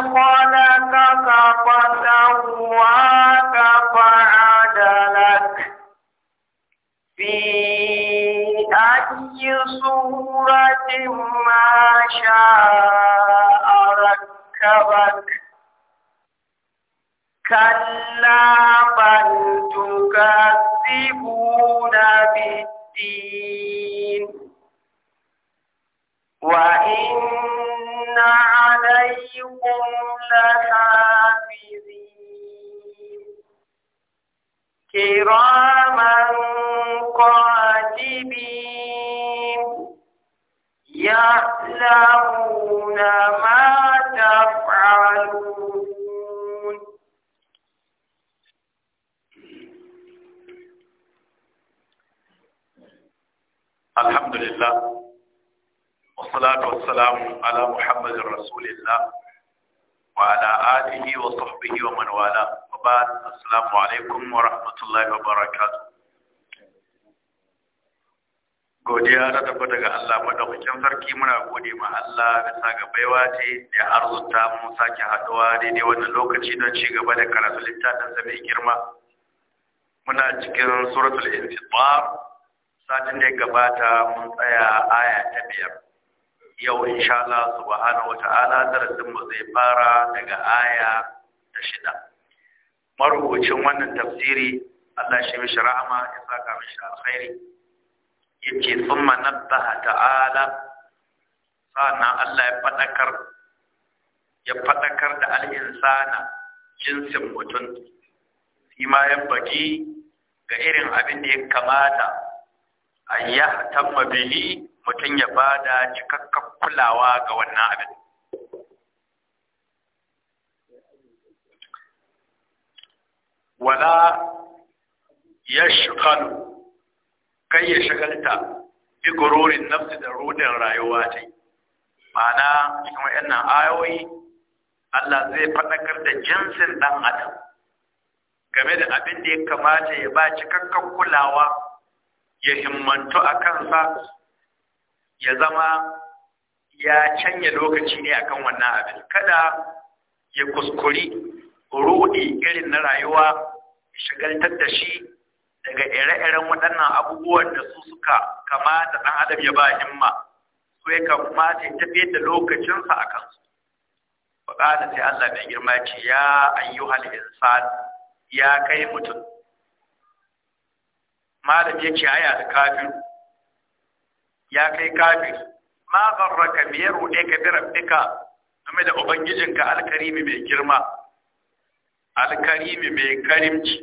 خلقك فسواك فعدلك في أي صورة ما شاء ركبك كلا بل تكذبون بالدين حافظين كراما قاتبين يعلمون ما تفعلون الحمد لله والصلاة والسلام على محمد رسول الله وعلى آله وصحبه ومن والاه وبعد السلام عليكم ورحمة الله وبركاته godiya ta tabbata daga Allah madaukakin sarki muna gode ma Allah bisa ga baiwa ce da arzuta mu sake haduwa daidai wannan lokaci don ci gaba da karatu littafin sa mai girma muna cikin suratul infitar satin da gabata mun tsaya aya ta biyar yau insha Allah subhanahu wata'ala darasin mu zai fara daga aya ta shida marubucin wannan tafsiri Allah shi mishi rahama ya saka mishi alkhairi yace thumma nabbaha ta'ala sana Allah ya fadakar ya fadakar da al-insana jinsin mutum shi ya baki ga irin abin da ya kamata an yahtamma bihi mutum ya ba da cikakken kulawa ga wannan abin wala ya shukalu, kai ya shagalta gururin nafsi da rudin rayuwa ce ma'ana cikin waɗannan ayoyi Allah zai faɗakar da jinsin ɗan adam game da abin da ya kamata ya ba cikakken kulawa ya himmantu a kansa ya zama ya canya lokaci ne akan wannan abin kada ya kuskuri ruɗi irin na rayuwa shagaltar da shi daga ire-iren waɗannan abubuwan da su suka kamata ɗan adam ya ba himma so ya kamata ta tafiyar da lokacinsa a kansu faƙada sai Allah mai girma ce ya ayyu insan ya kai mutum malam ya ce haya da kafiru ya kai kafi ma me ya rode ka bi rabbika game da ubangijinka alkarimi mai girma alkarimi mai karimci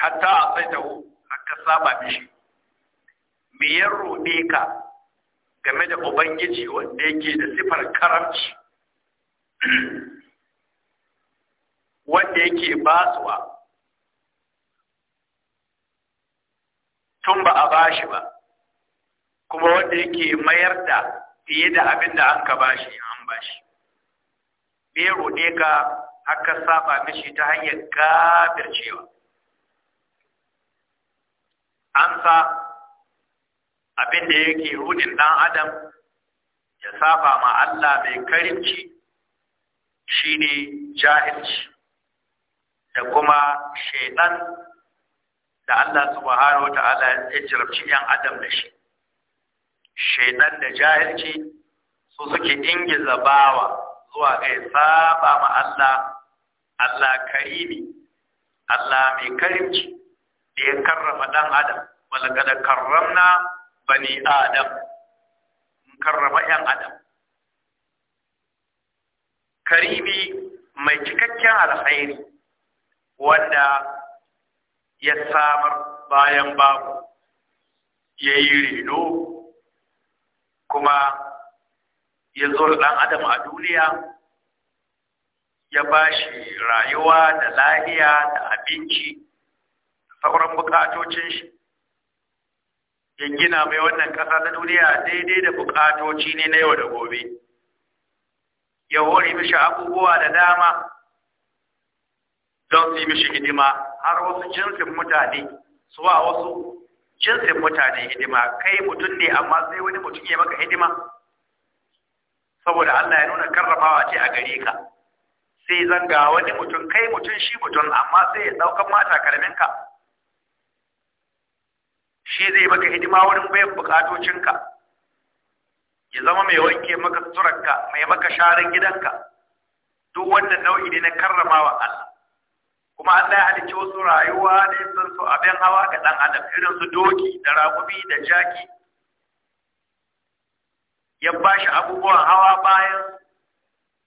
hatta a tsaitahu haka saba mishi me ya rode ka game da ubangiji wanda yake da sifar karamci wanda yake basuwa tun ba a bashi ba kuma wanda yake mayar da fiye da abin da an ka bashi an bashi bai roɗe ka haka saba mishi ta hanyar cewa an sa abin da yake rudin ɗan adam ya saba ma Allah mai karimci shine jahilci da kuma shaidan da Allah subhanahu wa ta'ala ya jarabci ‘yan adam da shi shaidan da jahilci su suke ingiza bawa zuwa ga saba ma Allah Allah karimi Allah mai karimci da ya karrama dan adam walaqad karramna bani adam mun karrama yan adam karimi mai cikakken alkhairi wanda ya samar bayan babu ya yi rido. kuma ya zo da adam a duniya ya ba shi rayuwa da lahiya da abinci sauran bukatocin shi ya gina mai wannan ƙasa ta duniya daidai da bukatoci ne na yau da gobe ya hore mishi abubuwa da dama don su yi mishi hidima har wasu jinsin mutane suwa wasu jinsin mutane hidima kai mutum ne amma sai wani mutum ya maka hidima saboda Allah ya nuna karrafawa ce a gare ka sai zanga wani mutum kai mutum shi mutum amma sai ya daukan mata ka shi zai maka hidima wurin bayan bukatocinka ya zama mai wanke maka suturanka mai maka sharan gidanka duk wannan nau'i ne na karramawa Allah kuma Allah ya halicci wasu rayuwa da sun su abin hawa ga ɗan adam irin su doki da ragubi da jaki ya ba shi abubuwan hawa bayan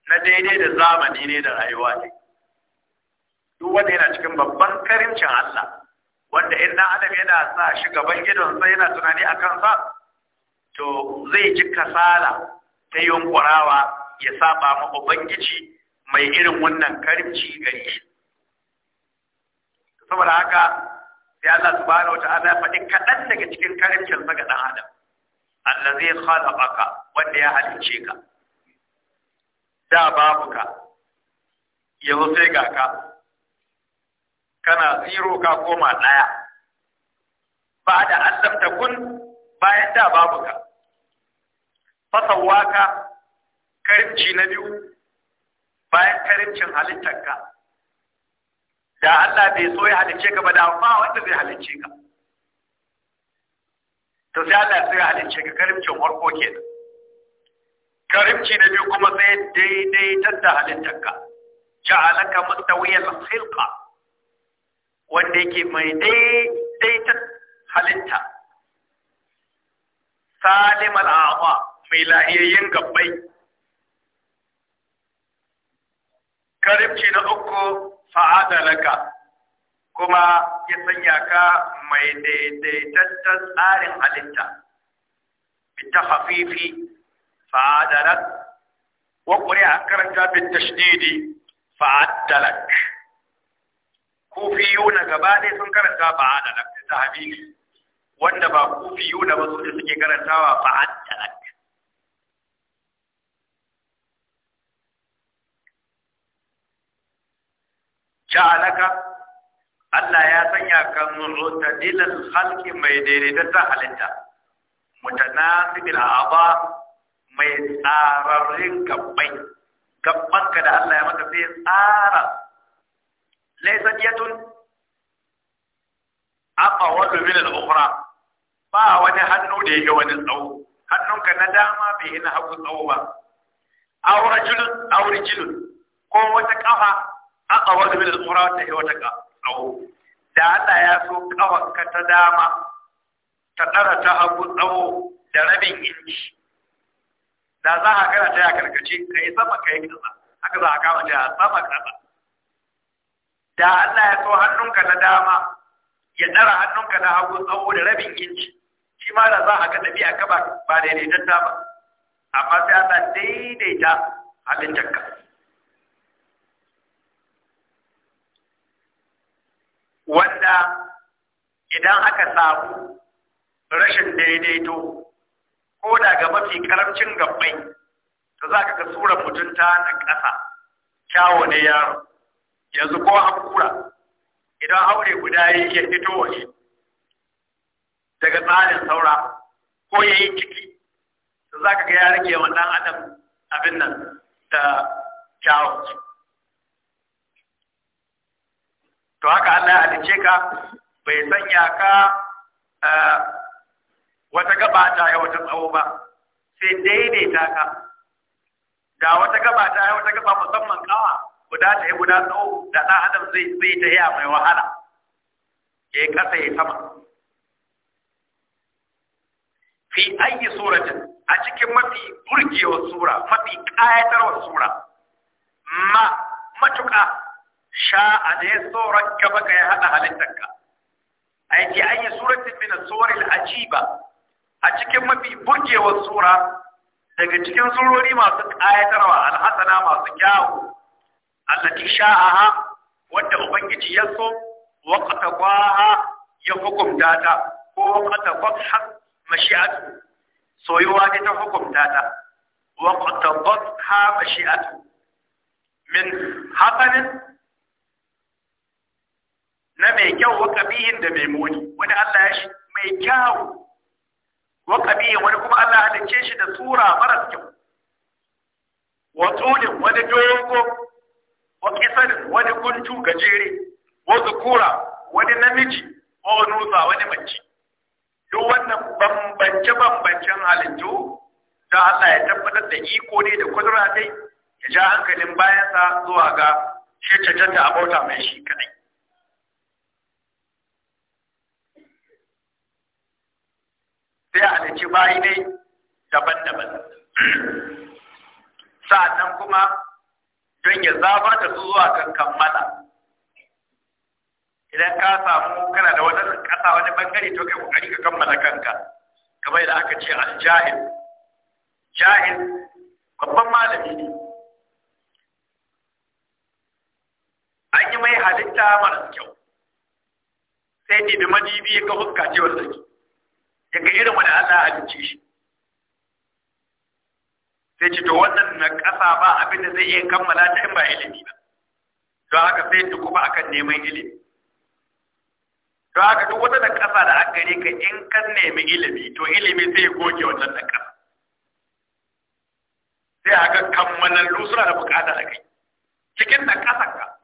na daidai da zamani ne da rayuwa ne duk wanda yana cikin babban karimcin Allah wanda in ɗan adam yana sa shi gaban sai yana tunani a kansa to zai ji kasala ta yunkurawa ya saba ma ubangiji mai irin wannan karimci gari. shi saboda haka sai Allah subhanahu wata'ala fa faɗi kaɗan daga cikin karimcin sa ga ɗan adam allazi khalaqaka wanda ya halice ka da babu ka yanzu sai ga ka kana zero ka koma ɗaya ba da allam kun bayan da babu ka fasawaka karimci na biyu bayan karimcin halittarka da Allah bai so ya halicce ka ba da ba wanda zai halicce ka to sai Allah sai ya halicce ka karimcin farko kenan karimci na biyu kuma sai daidaitar da halittarka ja'alaka mustawiyal khilqa wanda yake mai daidaitar halitta salim al'awa mai lahiyayyen gabbai karimci na uku laka kuma ya sanya ka mai daidaitaccen tsarin halitta bita hafifi lak wa ƙuri'a karanta bin tashdidi fa'adalak kufiyu na gaba dai sun karanta lak ta habibi wanda ba kufiyu na ba su da suke karantawa lak ja'alaka Allah ya sanya ka mu'tadilal khalqi mai ta halitta mutanasibil a'ba mai tsararrin gabbai gabban ka da Allah ya maka sai tsara laysa yatun aba wa min al-ukhra ba wani hannu da yake wani tsawo hannunka na dama bai yi na hagu tsawo ba aurajulun aurajulun ko wata kafa aka wani bin al wata yi wata tsawo da Allah ya so kawanka ta dama ta tsara ta hagu tsawo da rabin inci da za a kana ta ya karkace ka yi sama ka yi kasa haka za a kama ta ya sama kasa da Allah ya so hannunka na dama ya tsara hannunka na hagu tsawo da rabin inci shi ma da za a ga biya ka ba daidaitatta ba amma sai Allah daidaita jakka. wanda idan aka samu rashin daidaito ko daga mafi karamcin gabbai ta za ka ga mutunta mutum na ƙasa kyawo ne yaro yanzu ko hakura idan aure guda yi ya fito waje daga tsarin saura ko ya yi ciki ta za ka ga ya rage wannan adam abin nan da kyawo to haka Allah ya halice ka bai sanya ka wata gaba ta ya wata tsawo ba sai daidaita ka da wata gaba ta ya wata gaba musamman kawa guda ta yi guda tsawo da ɗan adam zai zai ta yi mai wahala ya yi ƙasa ya sama fi ayi suratin a cikin mafi burgewar sura mafi ƙayatarwar sura ma matuƙa sha'a da ya so ka ya haɗa halittarka ai ke ayi suratin min as tsoron ajiba a cikin mafi burgewar sura daga cikin surori masu ƙayatarwa alhassana masu kyawu allati sha'aha wadda ubangiji ya so waqata qaha ya hukumta ta ko waqata a mashi'atu soyuwa ne ta hukumta ta waqata a mashi'atu min hasanin na mai kyau wa kabihin da mai muni wani Allah ya shi mai kyau wa kabihin wani kuma Allah dace shi da sura maras kyau wa tulin wani dogo wa kisan wani guntu gajere wa zukura wani namiji wa nusa wani mace duk wannan bambance-bambancen halittu da Allah ya tabbatar da iko ne da kudura dai ya ja hankalin bayansa zuwa ga shi cancanta a bauta mai shi kadai sai a halicci bayi dai daban-daban sa'annan kuma don ya zaba da su zuwa kan kammala idan ka samu kana da wani kasa wani bangare to kai kokari ka kammala kanka kamar yadda aka ce al-jahil jahil babban malami ne an yi mai halitta maras kyau sai ne da madibi ya ga huska ce wanda ke daga irin wani Allah cikin shi sai ce to wannan na ƙasa ba abin da zai iya kammala ta in ba ilimi ba don haka sai ta kuma akan neman ilimi don haka duk wata na ƙasa da aka gare ka in kan nemi ilimi to ilimi sai ya goge wannan na ƙasa sai a ga kammalan lusura da bukata da kai cikin na ƙasan ka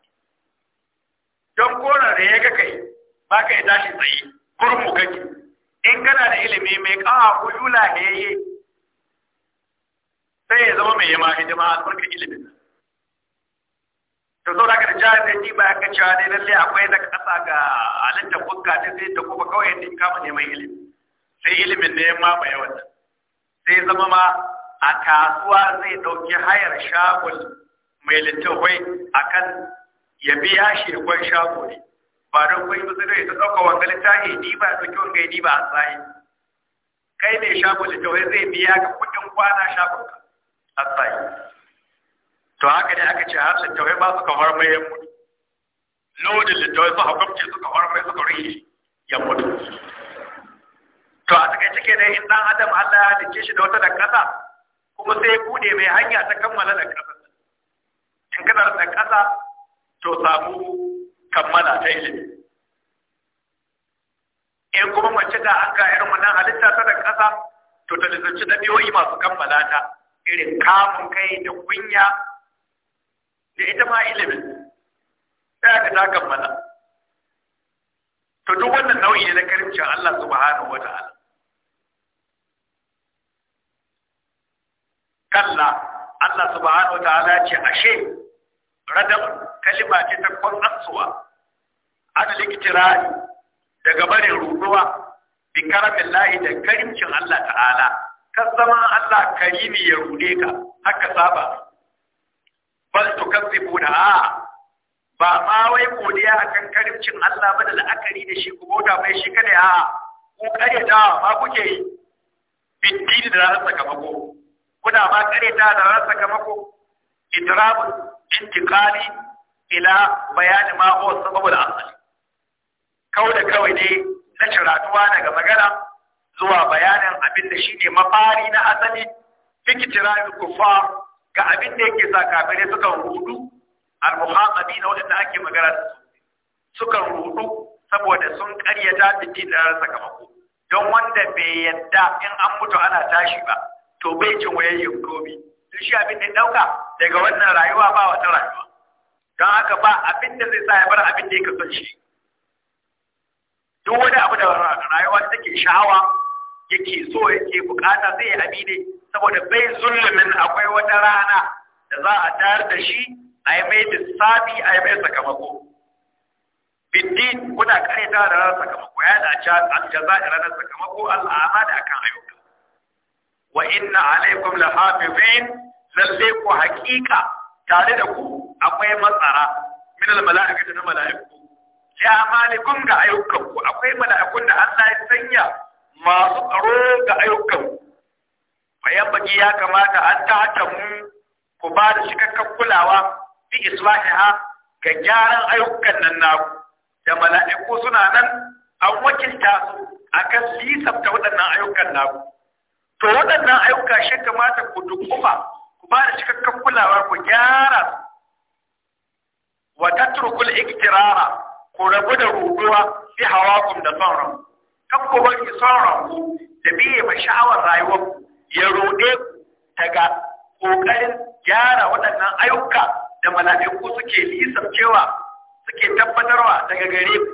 don kona da ya ga kai ba ka yi tashi tsaye mu kake in kana da ilimi mai kawa ko yula heye sai ya zama mai yama hidima albarkar ilimin to so da ka da jihar sai ba ka cewa dai lalle akwai da kasa ga halittar bukka ta sai ta kuma kawai ne kama neman ilimi sai ilimin ne ma ba yawan sai zama ma a kasuwa zai dauki hayar shagon mai littafai akan ya biya shi shagul ne ba don kai ba sai dai ta dauka wanga littafi ni ba su kyau kai ni ba sai kai ne da littafi zai biya ka kudin kwana shagon ka to haka ne aka ce har littafi ba su kamar mai yan mutu lodin littafi su ke su kamar mai suka rihe yan mutu to a cike-cike ne in dan adam Allah ya dace shi da wata dakasa kuma sai bude mai hanya ta kammala dakasa in kana da dakasa to samu kammala ta ilimi in kuma mace da an ga irin wannan halitta ta da ƙasa to ta lizanci biyoyi masu kammala ta irin kamun kai da kunya da ita ma ilimin ta yaka ta kammala to duk wannan nau'i ne na karimcin Allah subhanahu wa ta'ala kalla Allah subhanahu wa ta'ala ce ashe radab kalima ce ta kwanatsuwa ana likitira daga barin rubuwa bi karamin lahi da karimcin Allah ta'ala kan zama Allah karimi ya rude ka haka saba bal tukazzibu da a ba ma wai godiya akan karimcin Allah ba da la'akari da shi ku bauta mai shi kada a ku kareta ma kuke yi biddini da ranar sakamako kuna ma kareta da ranar sakamako idrab intiqali ila bayani ma huwa asali kawai da kawai ne na ciratuwa daga magana zuwa bayanin abin da shine mafari na asali fikitirayin kuffar ga abin da yake sa kafirai suka rudu al-muhaqabi na ake magana da su suka rudu saboda sun karyata da tilar sakamako don wanda bai yadda in an mutu ana tashi ba to bai cin wayayyun gobe shi abin da ɗauka daga wannan rayuwa ba wata rayuwa don haka ba abin da zai sa ya bar abin da ya son shi duk wani abu da rayuwa take sha'awa yake so yake bukata zai abi ne saboda bai zulumin akwai wata rana da za a tayar da shi a yi mai lissafi a yi mai sakamako bindin kuna kareta da ranar sakamako ya da ci aljaza da ranar sakamako al'ama da akan ayyuka wa inna alaikum lahafizin lalle ko haƙiƙa tare da ku akwai matsara min al mala'ikati na mala'iku ya malikum ga ayyukan ku akwai mala'ikun da Allah ya sanya masu tsaro ga ayyukan ku fa baki ya kamata an mu ku ba da cikakken kulawa bi islahiha ga gyaran ayyukan nan naku da mala'iku suna nan an wakilta su akan lisafta waɗannan ayyukan naku to waɗannan ayyuka shi kamata ku dukkuma ba da cikakken kulawa ku gyara wa tatrukul iktirara ku rabu da ruduwa fi hawakum da sauran kan ku bari sauran ku da biye ma sha'awar rayuwar ku ya rode ku daga kokarin gyara waɗannan ayyuka da mala'iku suke lisafcewa suke tabbatarwa daga gare ku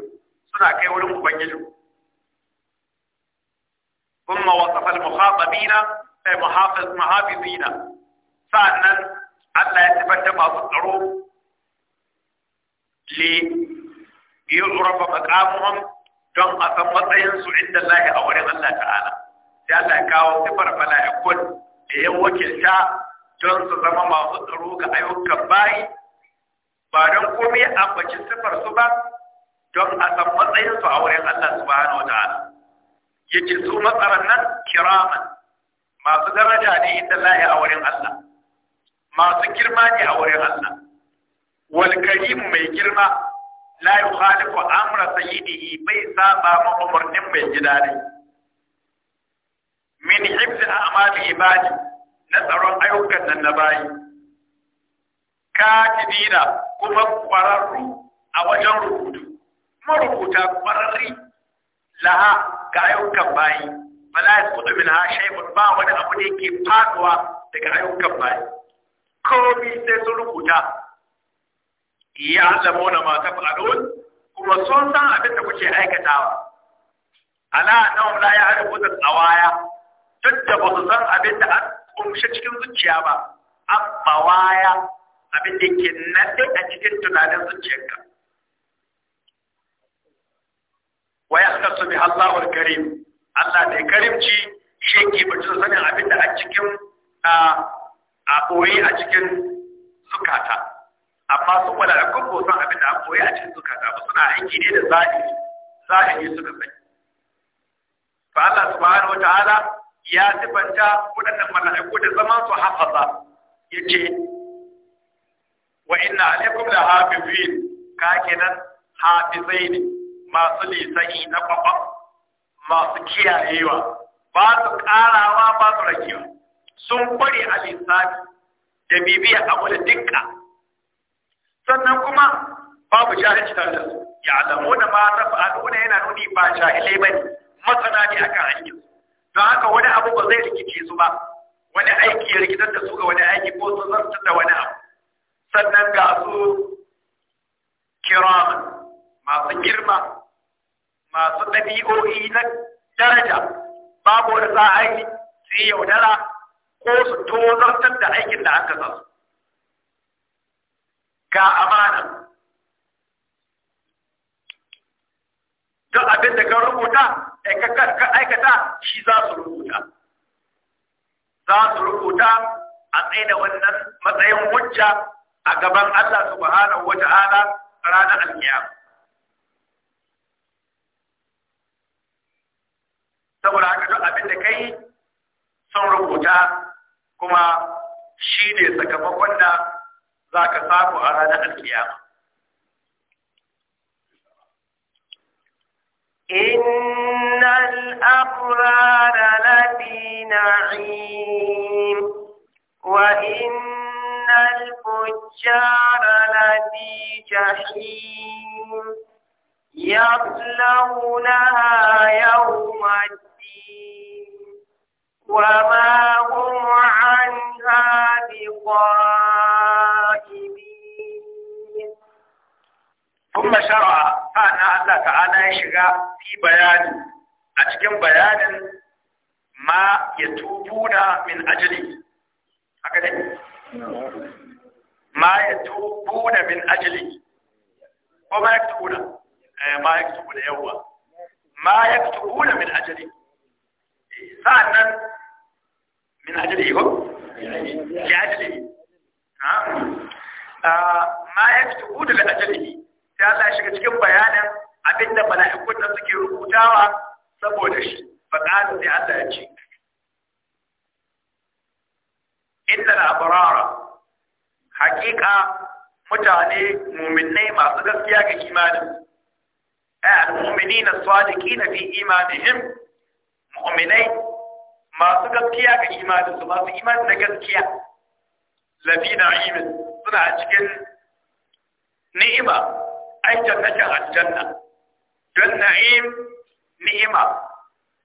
suna kai wurin ubangiji ثم وصف المخاطبين المحافظ محافظين nan Allah ya da masu tsaro li yurafa maqamuhum don a san matsayinsu inda lahi a wurin Allah ta'ala sai Allah ya kawo sifar kun da yin wakilta don su zama masu tsaro ga ayyukan bayi ba don komai a baci sifar su ba don a san matsayinsu a wurin Allah subhanahu wa ta'ala yake su matsaran nan kiraman masu daraja ne inda lahi a wurin Allah masu girma ne a wurin Allah wal karim mai girma la yukhalifu amra sayyidihi bai saba ma umarnin mai gida ne min hibzi a'mal ibadi na tsaron ayyukan nan na bayi katibina kuma kwararru a wajen rubutu marubuta kwararri laha ga ayyukan bayi fala yasqutu minha shay'un ba wani abu ne ke faduwa daga ayyukan bayi komi sai sun rubuta ya wani mata fa'adun kuma sun san abin da kuke aikatawa ala wula ya haɗa al tsawaya duk da ba su san abin da an kumshe cikin zuciya ba an bawaya abin da ke nade a cikin tunanin zuciyarka suka su bi Allahu karim Allah ne karimci shi ke bacin sanin abin da a cikin ah, a koyi a cikin zukata amma su wala da kuma san abin da a a cikin zukata ba suna aiki ne da zahiri zahiri suka sani fa Allah subhanahu ta'ala ya sifanta waɗannan mala'iku da zama su hafaza yace wa inna alaikum la hafizin ka kenan hafizaini masu lisani na kwakwa masu kiyayewa ba su karawa ba su rakewa sun kware a lissafi da bibiya a wani dukka sannan kuma babu jahilci tare da su ya alamu da ma tafa'aluna yana nuni ba jahilai bane masana ne akan hanyar don haka wani abu ba zai rikice su ba wani aiki ya rikitar da su ga wani aiki ko sun zarta da wani abu sannan ga su kiraman masu girma masu ɗabi'o'i na daraja babu wani za a yi sai yi yaudara ko su tozartar da aikin da aka sa ga amana duk abin da ka rubuta ka aikata shi za su rubuta za su rubuta a tsaye da wannan matsayin hujja a gaban Allah subhanahu wa ta'ala ranar alkiyama saboda haka duk abin da kai sun rubuta kuma shi ne sakamakon da za ka samu a ranar alkiyama. Inna al’afurara na rim, wa inna al’ujjara lafija him, ya fi launa yawon وما هم عنها بغائبين ثم شرع أن الله تعالى يشغى في بيان أتكلم بيان ما يتوبون من أجله هكذا ما يتوبون من أجله وما يكتبون ما يكتبون يوما ما يكتبون من أجله sa'annan adali ko li adali ma ta fi cikin bayanin abinda mala'ikun da suke rubutawa saboda shi faɗaɗa sai Allah ya ce inda labarara hakika mutane muminai masu gaskiya ga imanin ay al na as-sadiqina fi imanihim mu'minai masu gaskiya ga su masu imanin da gaskiya lafi na'imin suna cikin ni'ima ai jannatin aljanna don na'im ni'ima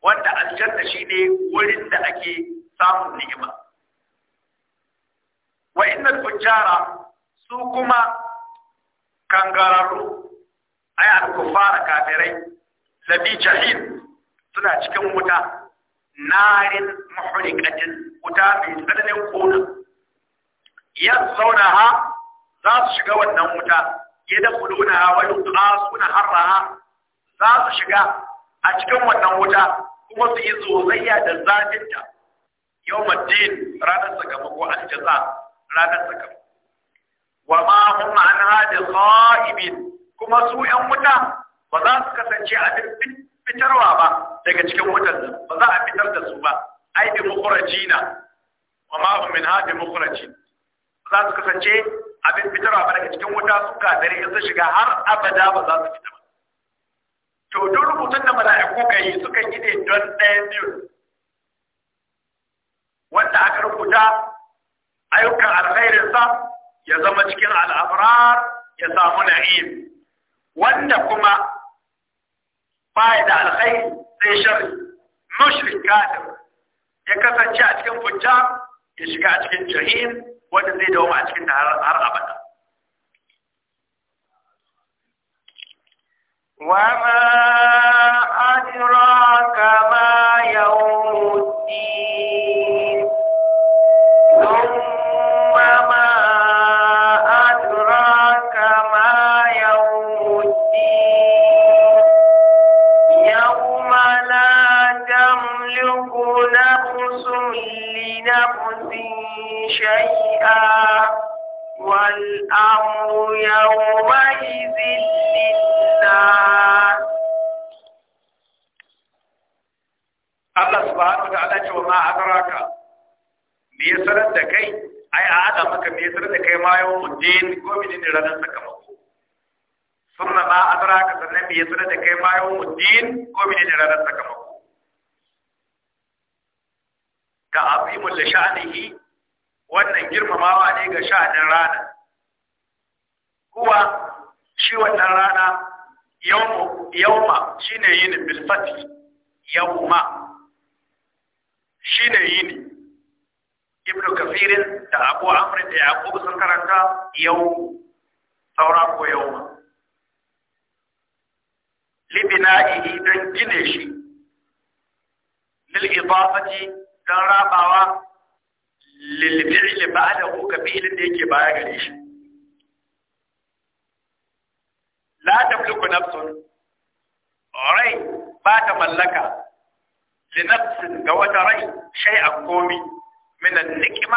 wanda aljanna shi ne wurin da ake samun ni'ima wa innal fujjara su kuma kangararru ai al-kuffara kafirai labi jahim suna cikin wuta narin muhrikatin wuta mai tsananin kona ha, za su shiga wannan wuta yadkhulunaha wa yuqasuna harraha za su shiga a cikin wannan wuta kuma su yi zozayya da zafinta majin ranar sakamako jaza ranar sakamako wa ma hum ma'ana da kuma su yan wuta ba za su kasance a duk fitarwa ba daga cikin wutar ba za a fitar da su ba ai bi mukhrajina wa ma hum minha bi mukhrajin za su kasance abin fitarwa ba daga cikin wuta su kadare in sun shiga har abada ba za su fita ba to duk rubutun da mala'iku ka yi suka yi ne don ɗaya biyu wanda aka rubuta ayyukan alkhairinsa ya zama cikin al'abrar ya samu na'im wanda kuma ba da alkhairi sai sharri mushrik kafir ya kasance a cikin fujja ya shiga a cikin jahim wanda zai dawo a cikin har abada وما Allah ce wa ma adraka me ya sanar da kai ai a hada maka me ya sanar da kai ma yau mujin ko ne ranar sakamako sunna ma adraka sannan me ya sanar da kai ma yau mujin ko ne ranar sakamako ka azimul li sha'anihi wannan girmamawa ne ga sha'anin rana kuwa shi wannan rana yawma shine yin bilfati yawma shi ne yini ibnu kafirin da abu amr da yaqub sun karanta yau saura ko yau ma libina'ihi don gine shi lil idafati don rabawa lil ba ba'dahu ka fi'lin da yake baya gare shi la tamliku nafsun rai ba ta mallaka li nafsin ga wata rai shay a komi minan an Minan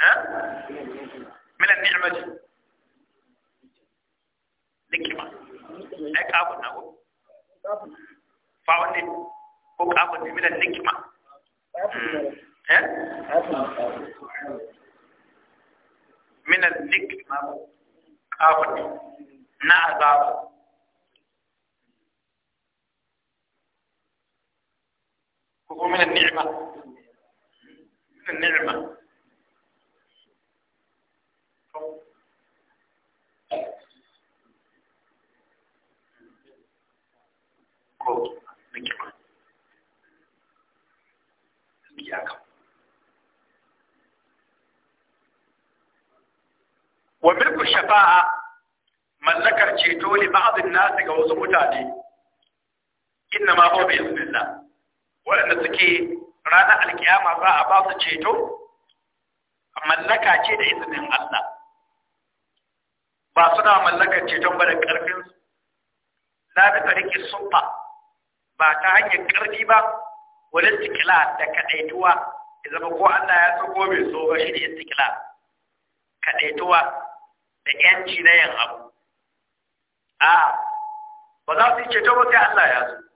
ha min an-ni'mati nikma ai kafin na ko fa wani ko kafin ne min an-nikma eh kafin na azabu هو من النعمة من النعمة وملك الشفاعة من ذكر شيء لبعض الناس كوزمتاني إنما هو بإذن الله waɗanda suke ranar alkiyama za a ba su ceto mallaka ce da izinin Allah ba suna mallakar ceton ba da ƙarfin la bi tariki sunfa ba ta hanyar ƙarfi ba wani sikila da kaɗaituwa ya zama ko Allah ya so ko bai so ba shi ne sikila, kaɗaituwa da ƴanci na yin abu a ba za su yi ceto ba sai Allah ya so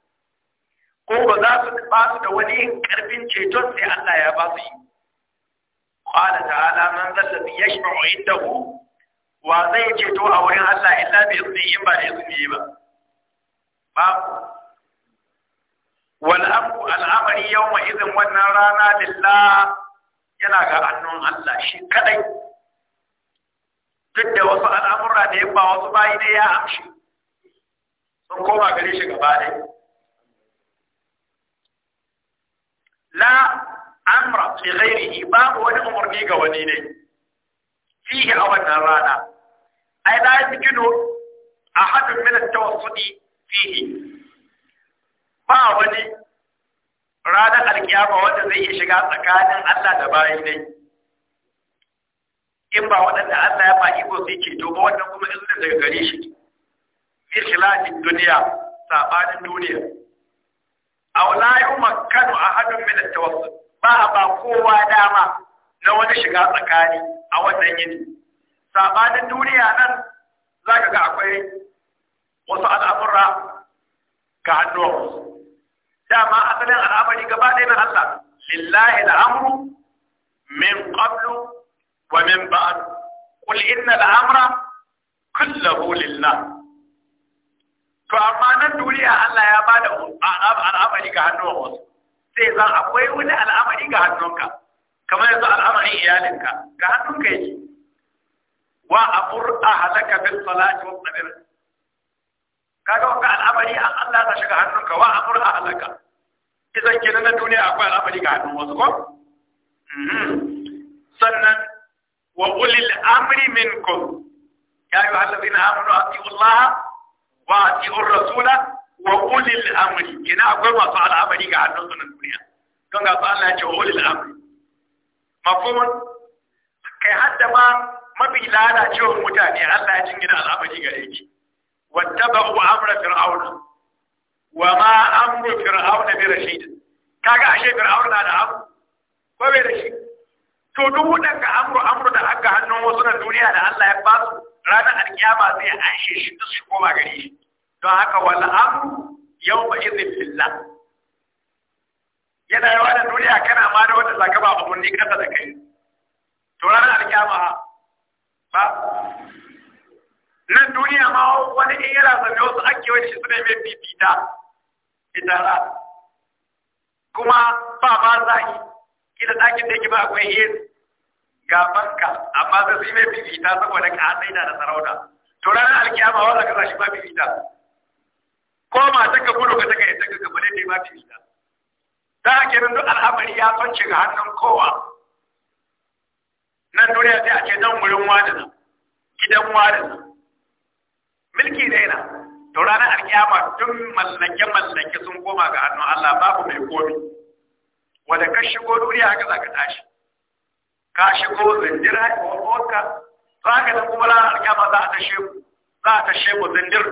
ko ba za su ba su da wani yin karfin ceton sai Allah ya ba su yi qala ta'ala man zalladhi yashfa'u indahu wa zai ceto a wurin Allah illa bi izni in ba da izini ba ba wal amru al'amari yawma idhin wannan rana lillah yana ga hannun Allah shi kadai duk da wasu al'amura da ya ba wasu bayi ne ya amshi sun koma gare shi gaba ɗaya la amra fi ghairihi babu wani umarni ga wani ne fihi a wannan rana ai la a hadin min tawassudi fihi ba wani ranar alkiyama wanda zai iya shiga tsakanin Allah da bayi ne in ba waɗanda Allah ya faɗi ko sai ceto ba wannan kuma in daga gare shi fi khilafin duniya sabanin duniya aw la yumakkanu ahadun min at-tawassul ba ba kowa dama na wani shiga tsakani a wannan yini sabanin duniya nan zaka ga akwai wasu al'amura ga hannuwan dama asalin al'amari gaba ɗaya na Allah lillahi al'amru min qablu wa min ba'd qul inna al'amra kulluhu lillah to amma nan duniya Allah ya bada um, al'amari ga hannun wasu sai zan akwai wani al'amari ga hannunka kamar yanzu al'amarin iyalinka ga hannunka yake wa amur ahlaka bil salati wa sabir kaga wannan al'amari Allah ya shiga hannunka wa amur ahlaka idan kenan na duniya akwai al'amari ga hannun wasu ko mhm. sannan wa ulil amri minkum ya ayyuhallazina amanu atiiullaha wa ati'ur rasula wa ulil amri ina akwai masu al'amari ga hannun sunan duniya don ga Allah ya ce wa ulil amri mafhumun kai hadda ma mafi lalacewar mutane Allah ya jingina al'amari yake wattaba wattaba'u amra fir'auna wa ma amru fir'auna bi rashid kaga ashe fir'auna da abu ko bai da shi to duk wadanda amru amru da aka hannun wasu na duniya da Allah ya ba su ranar alkiyama zai anshe shi duk su koma gare shi don haka wal amru ba izin filla. yana yawa da duniya kana ma da wanda zakaba ba umarni kasa da kai to ranar alkiyama ba nan duniya ma wani in yana zabe wasu ake wani shi suna mai bibita ita ra kuma ba ma zahi kila ɗakin da yake ba akwai yin gabanka amma zai su yi mai bibita saboda ka haɗaida da sarauta to ranar alkiyama wanda ka shi ba bibita ko ta ka gudu ka ka yadda ka bane ne ma bibita ta ake nan duk al'amari ya fance ga hannun kowa nan duniya sai a ce nan wurin wani nan gidan wani nan milki ne na to ranar alkiyama tun mallake-mallake sun koma ga hannun Allah babu mai komi wanda ka shigo duniya haka za ka tashi ka shigo zindir haifin wanka za ka ta kuma ranar kyama za a ta ku za a tashe ku zindir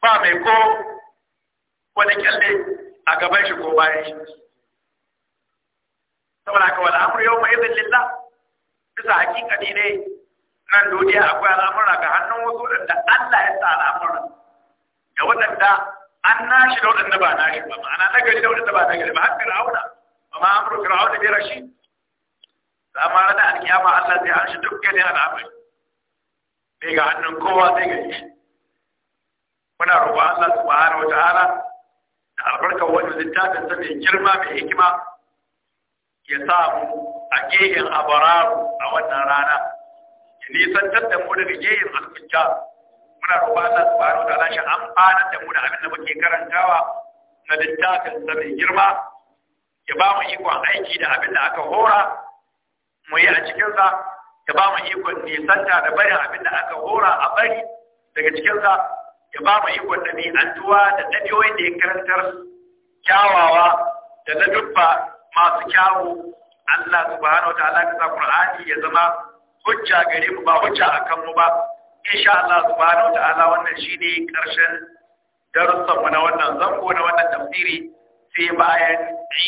ba mai ko wani kyalle a gaban shi ko bayan shi saboda haka wani amur yau mai zin lilla. bisa hakikani ne nan duniya akwai al'amura ga hannun wasu waɗanda Allah ya sa al'amura da waɗanda an nashi da waɗanda ba nashi ba ma'ana nagari da waɗanda ba gari ba har fir'auna ba amur fir'auna bai rashi amma ranar alkiyama Allah zai an shi dukkanin al'amari sai ga hannun kowa zai ga shi muna roƙon Allah subhanahu wata hana da albarkar wani littafin sa mai girma mai hikima ya samu a gehen abararu a wannan rana ya nisantar da mu daga gehen alkunja muna roƙon Allah subhanahu wata hana shi amfanar da mu da abin da muke karantawa na littafin sa mai girma ya ba mu ikon aiki da abin da aka hora mu yi a cikinsa ya ba mu ikon nisanta da barin abin da aka hora a bari daga cikinsa ya ba mu ikon ɗabi'antuwa da ɗabi'oyin da ya karantar kyawawa da dubba masu kyawu Allah subhanahu wataala ka sa Qur'ani ya zama hujja gare mu ba hujja akan mu ba insha Allah subhanahu wataala wannan shine karshen darussan mu na wannan zango na wannan tafsiri sai bayan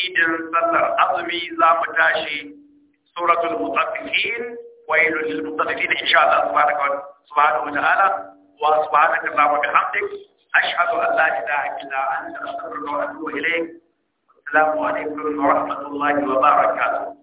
idin sallar azumi za mu tashi suratul mutaffifin wailul lil mutaffifin inshallah subhanahu wa ta'ala wa subhanaka rabbika bihamdik ashhadu an la ilaha illa anta astaghfiruka wa atubu ilaik assalamu alaykum wa rahmatullahi wa barakatuh